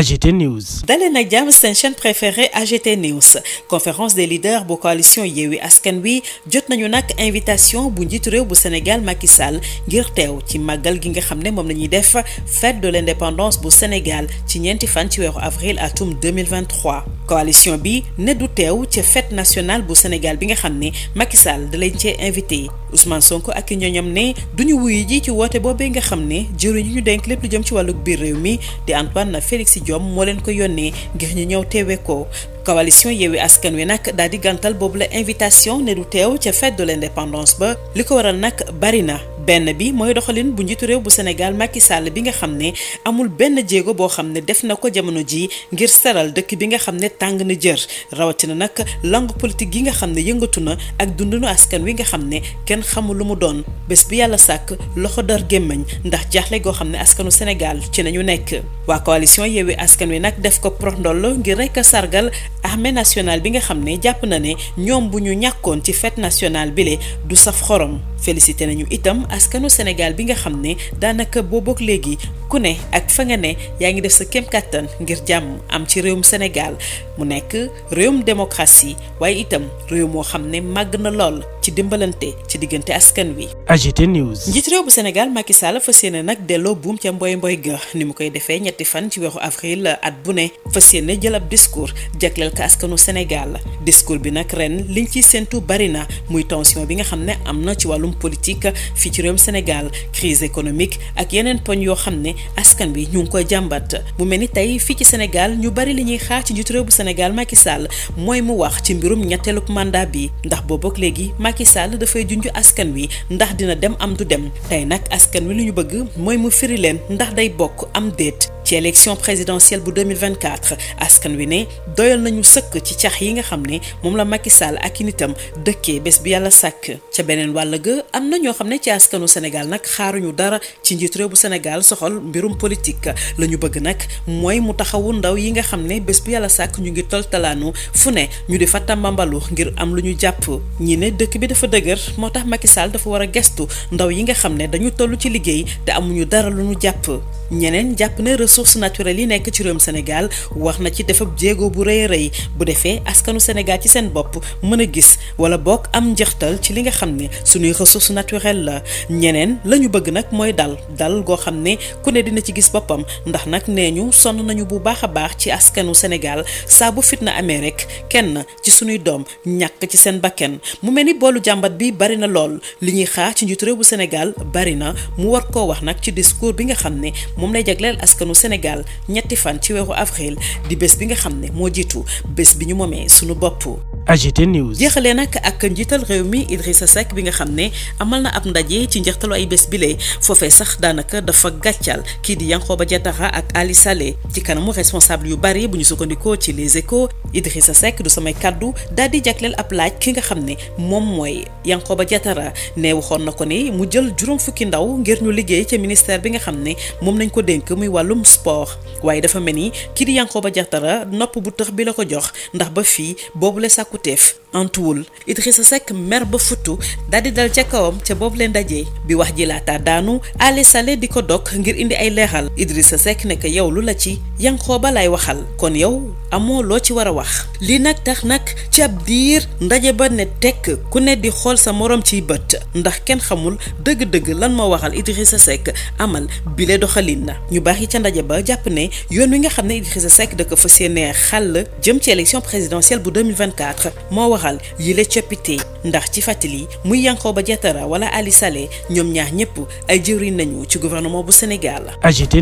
AGT News. dalee nag jàmm seen chaîne préférée AGT News conférence de leaders bu coalition Yewwi Askan Wi jot nañu nag invitation bu njiitu réew bu Sénégal Macky Sall ngir teew ci màggal gi nga xam ne moom la def fête de l'indépendance bu Sénégal ci ñeenti fan ci weeru avril atum 2023. coalition bi ne du teew ca fête nationale bu Sénégal bi nga xam ne Macky Sall da lañ cee invité Ousmane Sonko ak ñooñam ne duñu wuyu ji ci woote boobee nga xam ne jëriñu ñu denk lépp lu jëm ci wàllug biir réew mi Diom moo leen ko yónnee ngir ñu ñëw teewe ko coalition Yewwi Askan Wi nag daal di boobu la invitation ne du teew ca fête de l'indépendance ba li ko waral nag bari na benn bi mooy doxalin bu njiitu réew bu Sénégal Macky Sall bi nga xam ne amul benn jéego boo xam ne def na ko jamono jii ngir seral dëkk bi nga xam ne tàng na jër rawatina nag langue politique yi nga xam ne yëngatu na ak dundunu askan wi nga xam ne kenn xamul lu mu doon bés bi yàlla sàkk loxo dar gémmiñ ndax jaaxle goo xam ne askanu Sénégal ci ñu nekk waa coalition Yewwi Askan Wi nag def ko proxndoll ngir rek sargal armée nationale bi nga xam ne jàpp na ne ñoom bu ñu ñàkkoon ci fête nationale bile du saf xorom félicité nañu itam askanu Sénégal bi nga xam ne daanaka boobook léegi ku ne ak fa nga ne yaa ngi def sa kem kàttan ngir jàmm am ci réewum Sénégal mu nekk réewum démocratie waaye itam réew moo xam ne màgg na lool ci dimbalante ci diggante askan wi. AGT News. njiit réew bu Sénégal Macky Sall fas yéene nag delloo buum ca mbooy mbooy ga ni mu koy defee ñetti fan ci weeru avril at bu ne fas yéene jël ab discours jagleel ko askanu Sénégal discours bi nag ren liñ ciy séntu bari na muy tension bi nga xam ne am na ci wàllum politique fii ci réewum Sénégal crise économique ak yeneen poñ yoo xam ne askan bi ñu ngi koy jàmbat mu mel ni tey fii ci Sénégal ñu bari li ñuy xaar ci njiit réew bu Sénégal Macky Sall mooy mu wax ci mbirum ñetteelug mandat bi ndax léegi Macky Sall dafay junj askan wi ndax dina dem am du dem tey nag askan wi lu ñu bëgg mooy mu firi leen ndax day bokk am déet ci élection présidentielle bu 2024 askan wi ne doyal nañu sëkk ci cax yi nga xam ne moom la Macky Sall ak i nitam dëkkee bés bi yàlla sàkk ca beneen wàll ga am na ñoo xam ne ci askanu Sénégal nag xaaruñu dara ci njiitu réew bu Sénégal soxal mbirum politique la ñu bëgg nag mooy mu taxawu ndaw yi nga xam ne bés bi yàlla sàkk ñu ngi talaanu fu ne ñu di fa tàmbambalu ngir am lu ñu jàpp ñi ne dëkk bi dafa dëgër moo tax Macky Sall dafa war a gestu ndaw yi nga xam ne dañu toll ci liggéey te amuñu dara lu ñu jàpp ressources naturelles yi nekk ci réewum Sénégal wax na ci defab jéego bu rëy rëy bu defee askanu Sénégal ci seen bopp mën a gis wala bokk am njeextal ci li nga xam ne suñuy ressources naturelles la ñeneen la ñu bëgg nag mooy dal dal goo xam ne ku ne dina ci gis boppam ndax nag nee ñu sonn nañu bu baax a baax ci askanu Sénégal saa bu fitna amee rek kenn ci suñuy doom ñàkk ci seen bakken mu mel ni boolu jàmbat bi bari na lool li ñuy xaar ci njiitu réew Sénégal ñetti fan ci weeru avril di bés bi nga xam ne moo jiitu bés bi ñu moomee sunu bopp. AGT News. jeexalee nag ak njiital réew mi sa Seck bi nga xam ne amal na ab ndaje ci njeextalu ay bés bile foofee sax daanaka dafa gàccal kii di ba Diattara ak Ali Saleh ci kanamu responsable yu bari bu ñu sukkandikoo ci Les Échos Idrissa Seck du samay kaddu daal di jagleel ab laaj ki nga xam ne moom mooy ba jatara ne waxoon na ko ni mu jël juróom fukki ndaw ngir ñu liggéey ca ministère bi nga xam ne moom lañ ko dénk muy wàllum sport waaye dafa mel ni kii di Yankhoba Diattara nopp bu tëx bi la ko jox ndax càkkutéef antuwul sa sekk mer ba futtu daal di dal ca kawam ca boobu leen dajee bi wax ji laata daanu Alé Salé di ko dog ngir indi ay leexal Idrissa sa ne ko yow lu la ci ba lay waxal kon yow amoo loo ci war a wax li nag tax nag ci ab diir ndaje ba ne tekk ku ne di xool sa moroom ciy bët ndax kenn xamul dëgg-dëgg lan moo waxal Idrissa Seck amal bile doxalin na ñu baax yi ca ndaje ba jàpp ne yoon wi nga xam ne Idrissa Seck da ko fas yéenee xàll jëm ci élection présidentielle bu 2024 moo waxal doxal yi la coppite ndax ci fàttali muy ba Diattara wala alisale ñoom ñaax ñëpp ay jëwriñ nañu ci gouvernement bu Sénégal AGT